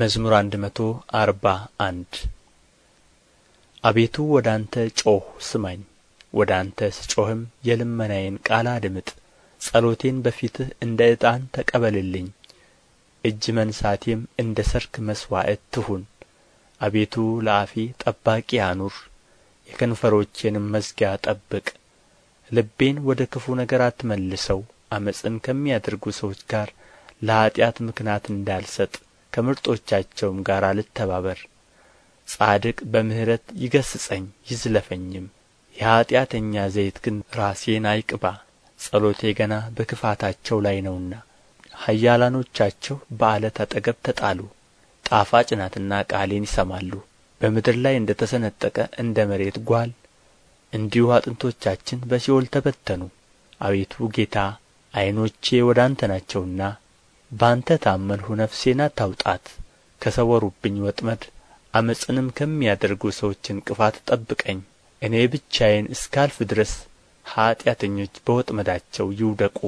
መዝሙር አንድ መቶ አርባ አንድ አቤቱ ወደ አንተ ጮኽ ስማኝ፣ ወደ አንተ ስጮኽም የልመናዬን ቃል አድምጥ። ጸሎቴን በፊትህ እንደ ዕጣን ተቀበልልኝ፣ እጅ መንሣቴም እንደ ሰርክ መሥዋዕት ትሁን። አቤቱ ለአፌ ጠባቂ አኑር፣ የከንፈሮቼንም መዝጊያ ጠብቅ። ልቤን ወደ ክፉ ነገር አትመልሰው፣ ዓመፅን ከሚያደርጉ ሰዎች ጋር ለኀጢአት ምክንያት እንዳልሰጥ ከምርጦቻቸውም ጋር አልተባበር ጻድቅ በምሕረት ይገስጸኝ ይዝለፈኝም የኃጢአተኛ ዘይት ግን ራሴን አይቅባ ጸሎቴ ገና በክፋታቸው ላይ ነውና ኃያላኖቻቸው በዓለት አጠገብ ተጣሉ ጣፋጭ ናትና ቃሌን ይሰማሉ በምድር ላይ እንደ ተሰነጠቀ እንደ መሬት ጓል እንዲሁ አጥንቶቻችን በሲኦል ተበተኑ አቤቱ ጌታ ዐይኖቼ ወደ አንተ ናቸውና በአንተ ታመንሁ ነፍሴን አታውጣት ከሰወሩብኝ ወጥመድ አመፅንም ከሚያደርጉ ሰዎች እንቅፋት ጠብቀኝ እኔ ብቻዬን እስካልፍ ድረስ ኃጢአተኞች በወጥመዳቸው ይውደቁ